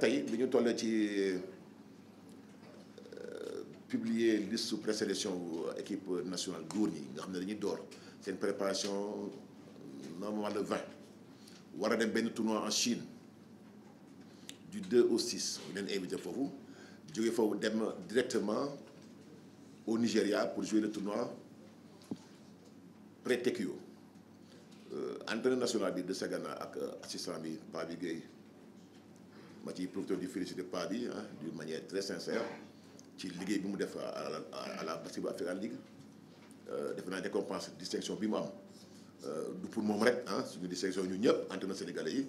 tey bi ñu tollee ci euh, publier liste sous présélection équipe nationale góor ñi nga xam ne dañuy door seen préparation normalement de 20 war a dem benn tournoi en Chine du 2 au 6 ñu leen invité foofu jóge foofu dem directement au Nigéria pour jouer le tournoi pré-Tekio euh, entraîneur national bi de Sagana ak euh, assistant bi Babi Gueye ma ciy profité di félicité pa bi ah d'une manière très sincère ci liggéey bi mu def à la Bassirou African League euh, defe naa récompense distinction bi mu am euh, du pour moom rek ah suñu distinction ñu ñëpp entraîneur sénégalais yi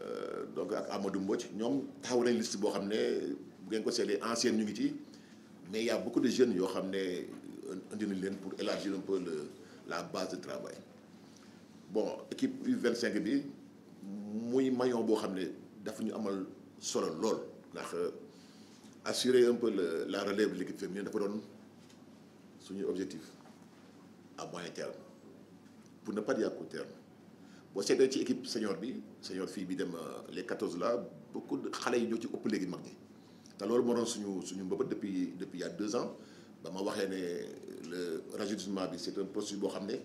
euh, donc ak Amadou Mbodj ñoom taxaw nañ liste boo xam ne bu ngeen ko seetlee ancienne ñu ngi ci mais y a de jeunes yoo xam ne indi nañ leen pour élargir un peu le la base de travail bon équipe U25 bi muy mayon boo xam ne dafa ñu amal solo lool ndax euh, assurer un peu la relève de l'équipe féminine dafa doon suñu objectif à moyen terme pour ne pas dire à court terme boo seetee ci équipe senior bi senior fii bi dem euh, les quatorze là beaucoup xale yi ñoo ci ëpp léegi mag ñi te loolu moo doon suñu suñu mbëbët depuis depuis il y a deux ans ba ma waxee ne le rajeunissement bi c'est un processus boo xam ne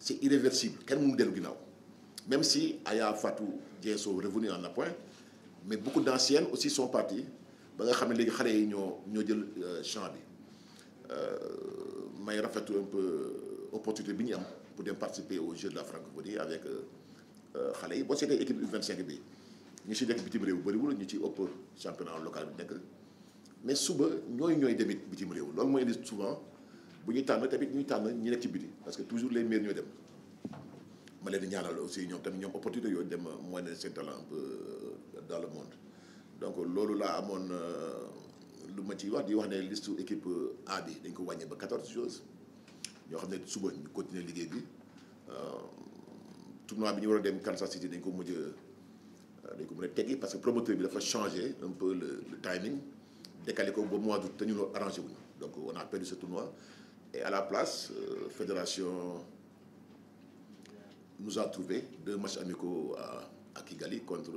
c'est irréversible kenn mënu dellu ginnaaw. même si Aya Fatou Dieng sont revenus en appoint mais beaucoup d'anciennes aussi sont parties ba nga xam ne léegi xale yi ñoo ñoo jël euh, champ bi euh, may rafetlu un peu opportunité bi ñu am pour dem participer aux Jeux de la francophonie euh, yi boo seetee équipe u bi ñu ci nekk bitim réew bëriwul ñu ci ëpp championnat local bi nekk mais suba ñooy ñooy demit bitim réew loolu mooy indi souvent bu ñuy tànn tamit ñuy tànn ñi nekk ci biti parce que toujours les meilleurs ñooy dem. ma leen di ñaanal aussi ñoom tamit ñoom opportunité yooyu dem euh, moyen seen talent un euh, dans le monde donc euh, loolu laa amoon lu ma ci wax di wax ne liste équipe A bi dañ ko wàññee ba quatorze choses ñoo xam ne suba ñu continuer liggéey bi tournoi bi ñu war a dem Kansas City dañ ko mujj dañ ko mën a teggi parce que promoteur bi dafa changé un peu le le timing décalé ko ba mois d'août te ñu loolu arrangé wuñu donc on a perdu ce tournoi et à la place euh, fédération nous a trouvé deux matchs amicaux à, à Kigali contre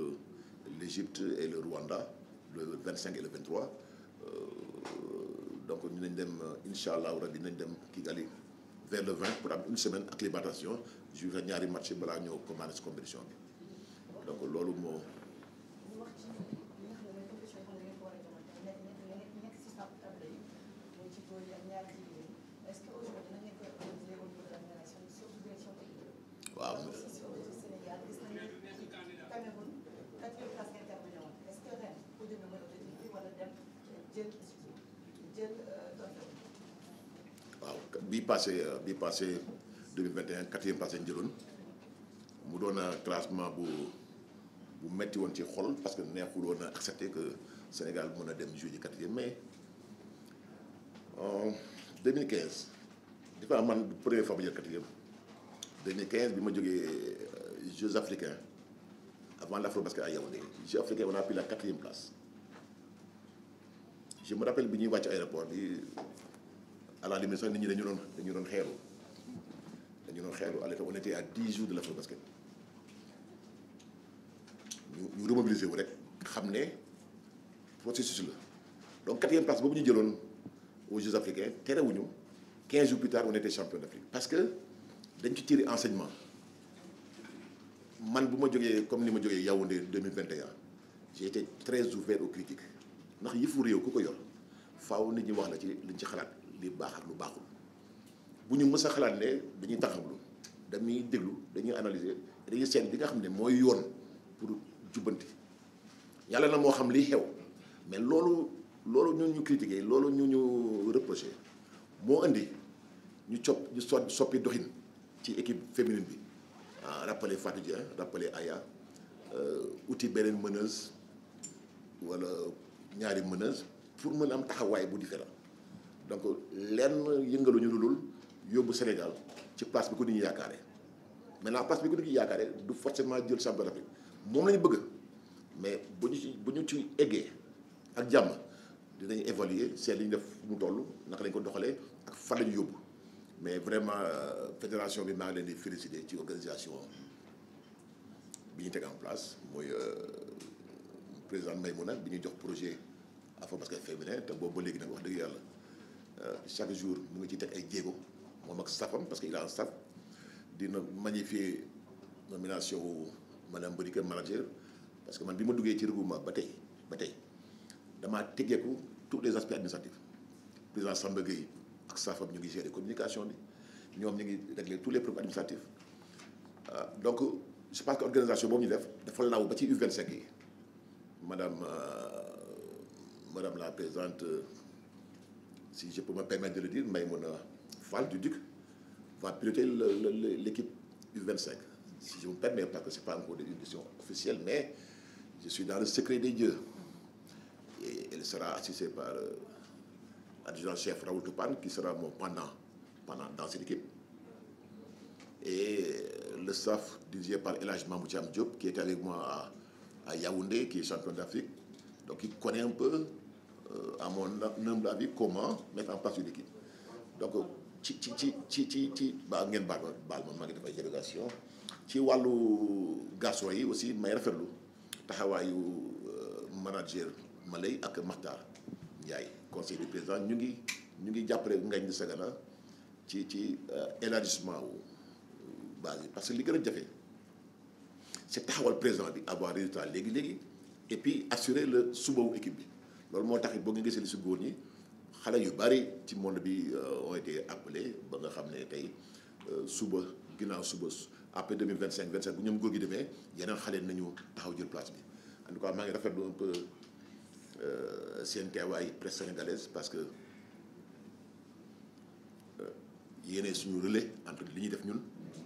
l'Égypte et le Rwanda le 25 et le 23 euh, donc dinañ dem incha allah rabi dinañ dem Kigali vers le 20 pour am une semaine acclimatation jouer ñaari match balaa ñëw commencé compétition bi donc loolu moo. dem jël jël euh, waaw bii passé euh, bii passé 2021 quatrième passé njëloon mu doon euh, classement bu bu metti woon ci xol parce que neexul woon a accepté que Sénégal mën a dem jouer ji quatrième mais en 2015 di ko man première fois ma jël quatrième bi ma jógee Jeux africains avant l'Afrobasket à Yaoundé Jeux africains on a pris la quatrième place je me rappelle bi ñuy wàcc aéroport bi à la limite sax nit ñi dañu doon dañu doon xeeru dañu doon xeeru à l'époque on était à dix jours de l'Afrobasket ñu ñu remobiliser wu rek xam ne processus la donc quatrième place boobu ñu jëloon aux Jeux africains terewuñu quinze jours plus tard on était champion d'Afrique parce que dañ ci tirer enseignement man bu ma jógee comme ni ma jógee Yaoundé 2021 j'ai été très ouvert aux critiques ndax yëfu réew ku ko yor faw nit ñi wax la ci liñ ci xalaat li baax ak lu baaxul bu ñu mës a xalaat ne dañuy taxawlu dañuy déglu dañuy analyser dañuy seen bi nga xam ne mooy yoon pour jubbanti yàlla na moo xam liy xew mais loolu loolu ñu ñu critiqué loolu ñu ñu reproché moo indi ñu cop ñu so soppi doxin ci équipe féminine bi ah rappelé Fatou Dia rappelé Aya wuti euh, beneen meneuse wala. ñaari meneuse pour mën am taxawaay bu différent donc lenn yëngalu ñu dul yóbbu Sénégal ci place bi ko nit ñi yaakaaree maintenant place bi ko nit ñi yaakaaree du forcément jël champion d'Afrique moom lañu bëgg mais bu ñu ci bu ñu ci eggee ak jàmm dinañ évaluer seet li ñu def mu toll naka lañ ko doxalee ak far lañu yóbbu mais vraiment euh, fédération bi maa leen di féliciter ci organisation bi ñu teg en place mooy euh, président Maymouna bi ñu jox projet afro basket féminin te boobu ba léegi nag wax dëgg yàlla euh, chaque jour mu ngi ci teg ay jéego moom ak staffam parce que il a un staff dina magnifier nomination wu madame Bodiké manager parce que man bi ma duggee ci regroupement ba tey ba tey damaa teggeeku tous les aspects administratifs président Samba Gueye ak staffam ñu ngi gérer communication bi ñoom ñu ngi régler tous les problèmes administratifs euh, donc je pense que organisation boobu ñu def dafa law ba ci U25 yi euh, Madame la Présidente, euh, si je peux me permettre de le dire, Maïmouna Fall du Duc va piloter l'équipe U25. Si je me permets, parce que ce pas encore une décision officielle, mais je suis dans le secret des dieux. Et elle sera assistée par euh, chef Raoul Toupane, qui sera mon pendant, dans cette équipe. Et euh, le staff dirigé par Elaj Mamoudiam Diop, qui est avec moi à Yaoundé, qui est champion d'Afrique. Donc il connaît un peu na euh, mon humble avis comment mettre en place une équipe donc ci ci ci ci ci ci ba ngeen baal ma baal ma maa ngi def dérogation ci wàllu garçon yi aussi may rafetlu taxawaayu euh, manager Malay ak Makhtar Ndiaye conseil du président ñu ngi ñu ngi jàppale Ngagne Sagana ci ci euh, élargissement wu base yi parce que li gën a jafe c'est taxawal président bi avoir résultat léegi léegi et puis assurer le suba équipe bi. loolu moo tax it boo nga gisee li si góor ñi xale yu bari ci monde bi euh, ont été appelés ba nga xam ne tey euh, suba ginnaaw suba après deux mille vingt cinq vingt cinq bu ñoom góor gi demee yeneen xale nañu taxaw jël place bi en tout cas maa ngi rafet un peu euh, seen teewaay presse sénégalaise parce que yéene suñu relais entre li ñuy def ñun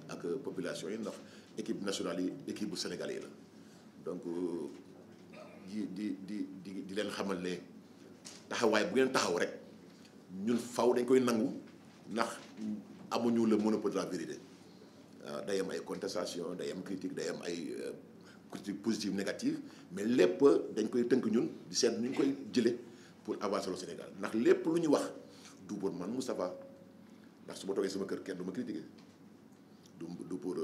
ak population yi ndax équipe nationale yi équipe bu Sénégal yi la di di di di di leen xamal ne taxawaay bu ngeen taxaw rek ñun faw dañ koy nangu ndax amuñu le monopole de la vérité euh, day am ay contestation day am critique day am ay euh, critique positive négative mais lépp dañ koy tënk ñun di seet ñu ngi koy jële pour avancer le Sénégal ndax lépp lu ñu wax du pour man Moustapha ndax su ma toogee sama kër kenn du ma du du pour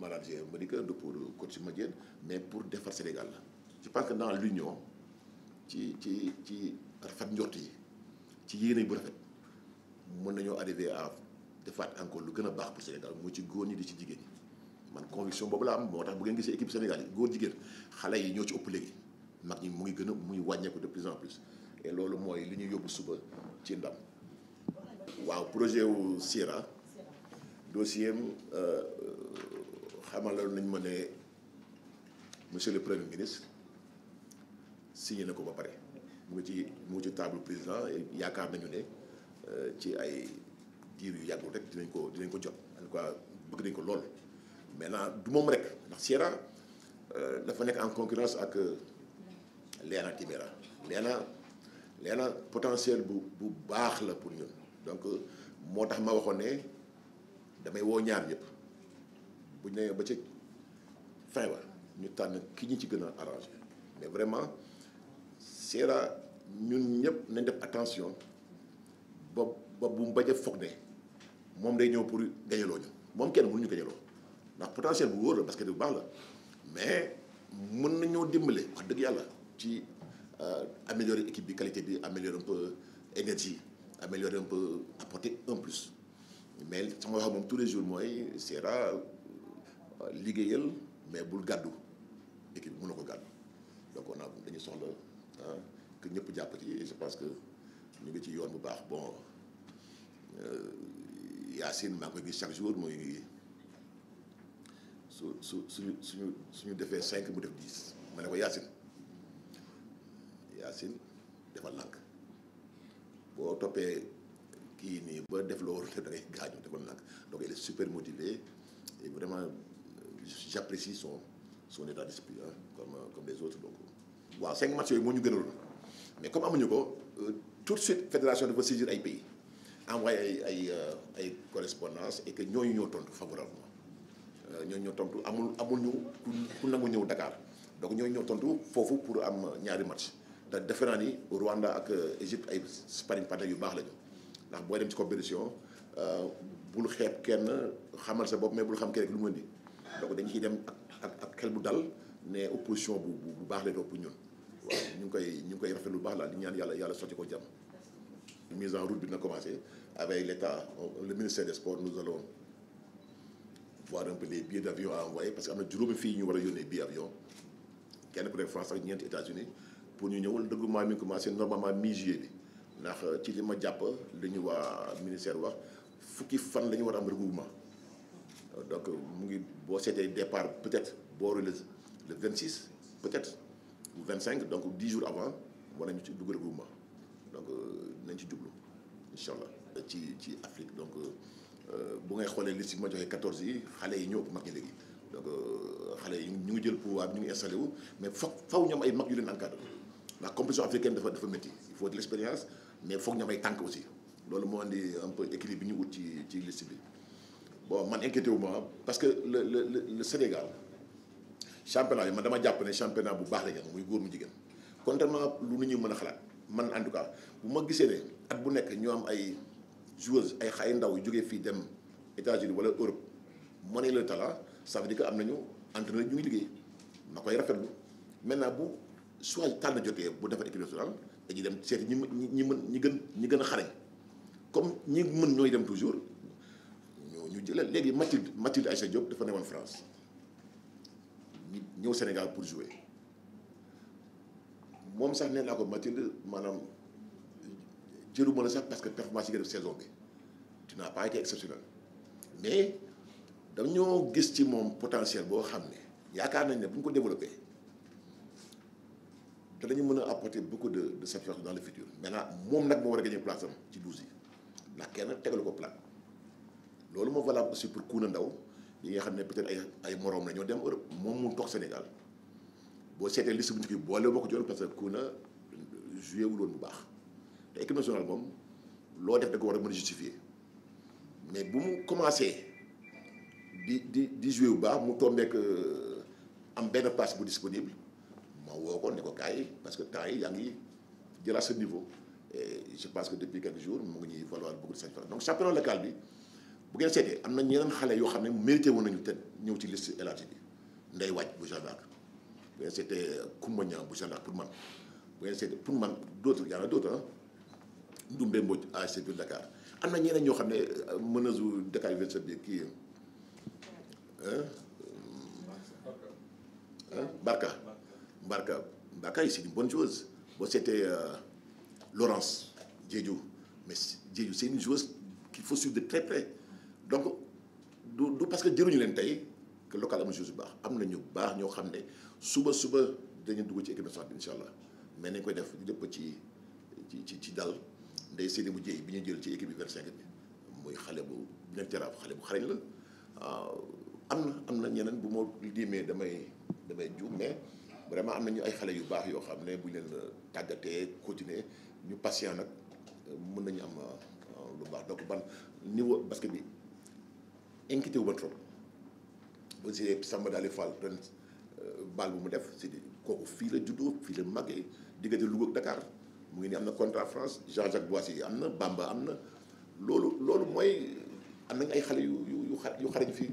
manager euh, Madické du pour ma Madiène mais pour defar Sénégal la ci parce que dans l'union ci ci ci rafet njort yi ci yéene bu rafet mën nañoo arriver à defaat encore lu gën a baax pour Sénégal mu ci góor ñi di ci jigéen ñi man conviction boobu la am moo tax bu ngeen gisee équipe Sénégal yi góor jigéen xale yi ñoo ci ëpp léegi mag ñi mu ngi gën a muy wàññeeku de plus en plus et loolu mooy li ñuy yóbbu suba ci ndam. waaw projet wu Sira dossier am euh, xamaloon nañ ma ne monsieur le premier ministre. signé na ko ba pare mu ngi ci mu ngi ci table président yaakaar nañu ne euh, ci ay diir yu yàggul rek dinañ ko dinañ ko jot en tout cas bëgg nañ ko lool maintenant du moom rek ndax Sierra euh, dafa nekk en concurrence ak euh, Léana Timéra Léana Léana potentiel bu bu baax la pour ñun donc moo tax ma waxoon ne damay woo ñaar ñëpp bu ñu nee ba ci fin wa ñu tànn ki ñu ci gën a arrangé mais vraiment Sera ñun ñëpp nañ def attention ba ba bu mu bañ a foog ne moom day ñëw pour gañaloo ñu moom kenn mënuñu gañaloo ndax potentiel bu wóor la basket bu baax la mais mën nañoo dimbale wax dëgg yàlla ci euh, améliorer équipe bi qualité bi améliorer un peu énergie améliorer un peu apporter un plus mais sama wax moom tous les jours mooy Sera euh, liggéeyal mais bul gàddu équipe bi mën na ko gàddu donc on a dañu soxla. ah que ñëpp jàpp ci je pense que ñu ngi ci yoon bu baax bon euh, Yacine maa ngi koy gis chaque jour muy su su suñu suñu suñu defee cinq mu def dix ma ne ko Yacine Yacine dafa lànk boo toppee kii nii ba def loo waroon da ngay gaañu dafa lànk donc il est super motivé et vraiment j'apprécie son son état d'esprit comme comme les autres donc. waaw cinq matchs yooyu moo ñu gënal mais comme amuñu ko euh, tout de suite fédération dafa saisir ay pays envoyé ay ay euh, ay correspondance et que ñooñu ñoo tontu favorablement euh, ñooñu ñoo tontu amul amul ñu ku nangu ñëw Dakar donc ñooñu ñoo tontu foofu pour am ñaari match te defe naa ni Rwanda ak Égypte ay sparring partner yu baax lañu ndax booy dem ci compétition bul xeeb kenn xamal sa bopp mais bul xam kenn rek lu mu indi donc dañu ciy dem ak ak ak xel bu dal. ne opposition bu bu baax lay topp ñun waaw ñu ngi koy ñu ngi koy rafet lu baax la di ñaan yàlla yàlla sotti ko jàmm mise en route bi na commencé avec l'État le ministère des sports nous allons voir un peu les billets d'avion à envoyer parce que am na juróomi fii ñu war a yónnee bi avion kenn ku nekk France ak ñeenti États-Unis pour ñu ñëw dëgguma mi commencé normalement mi juillet bi ndax euh, ci li ma jàpp li ñu waa ministère wax fukki fan la ñu war a am regroupement donc euh, mu ngi boo seetee départ peut-être booru la le 26 peut-être ou 25 donc 10 jours avant wala ñu ci dugal ma donc euh, nañ ci jublu incha allah ci ci Afrique donc euh, euh, bu ngay xoolee liste bi ma joxee 14 yi xale yi ñoo ëpp mag ñi léegi donc xale yi ñu ngi jël pouvoir bi ñu ngi installé wu mais foog faw ñoom ay mag yu leen encadré ndax compétition africaine dafa dafa métti il faut de l'expérience mais foog ñoom ay tànk aussi loolu moo indi un peu équilibre bi ñu ut ci ci liste bi bon man inquiété wu ma parce que le le Sénégal. championnat bi man dama jàpp ne championnat bu baax la muy góor mu jigéen contrairement lu nu ñuy mën a xalaat man en tout cas bu ma gisee ne at bu nekk ñoo am ay joueuse ay xay ndaw yu jógee fii dem États-Unis wala Europe mu ne le talent ça veut am nañu entraîneur ñu ngi liggéey na koy rafetlu maintenant bu soit tànn jotee bu defar équipe nationale dañuy dem seeti ñi ñi mën ñi gën ñi gën a xarañ comme ñi mën ñooy dem toujours ñu ñu jëlee léegi Mathilde Mathilde Aïssa Diop dafa ne newoon France. ñu ñëw Sénégal pour jouer moom sax neen naa ko Mathilde maanaam jëluma la sax parce que performance yi nga def saison bi tu n'as pas exceptionnel mais dañoo gis ci moom potentiel boo xam ne yaakaar nañ ne bu ñu ko développé danañu mën a apporter beaucoup de de satisfaction dans le futur maintenant moom nag moo war a gagner place am ci douze yi ndax kenn tegalu ko plan loolu moo valable aussi pour Kouna ndaw li nga xam ne peut-être ay ay moroom la ñoo dem Europe moom mu toog Sénégal boo seetee liste bu ñu koy boole boo ko joxoon parce que na joué wul bu baax te équipe nationale moom loo def da ko war a mais bu mu commencé di di di joué bu baax mu tombeek euh, am benn place bu disponible ma woo ko ne ko kaay parce que temps yi yaa ngi jëlaat sa niveau et je pense que depuis quelques jours mu ngi ñuy valoir beaucoup de sañ donc championnat local bi. bu ngeen seetee am na ñeneen xale yoo xam ne mérité woon nañu te ñëw ci liste élargie bi nday waaj bu Jeanne d'Arc bu ngeen seetee Koumba euh, Niang bu Jeanne pour man bu ngeen seetee pour man d'autres y en a d'autres Ndoumbé Mbodj ASC Dakar am na ñeneen ñoo xam ne euh, meneuse Dakar Université bi kii Barka Barka Barka yi c'est une bonne chose boo seetee euh, Laurence Diédhiou mais Diédhiou c'est une joueuse qu'il faut suivre très près donc du du parce que jëruñu leen tey que local amul chose bu baax am na ñu baax ñoo xam ne suba suba dañu dugg ci équipe nationale bi incha allah mais nañ koy def ñu dëpp ci ci ci dal ndey Seydou bu Dieye bi ñu jël ci équipe bi 25 bi muy xale bu nekk jaraaf xale bu xarañ la ah, am na am na ñeneen bu moo diimee damay damay juum mais vraiment am nañu ay xale yu baax yoo xam ne bu ñu leen euh, tàggatee continuer ñu patient nag mën nañu am euh, lu baax donc ban niveau basket bi. inquiété wu ma trop aussi Samba Daali Fall ren euh, baal bu mu def si kooku fii la juddoo fii la màggee diggante Louga ak Dakar mu ngi nii am na contrat France Jean-Jacques Boissy am na Bamba am na loolu loolu mooy am nañ ay xale yu yu yu xarañ fii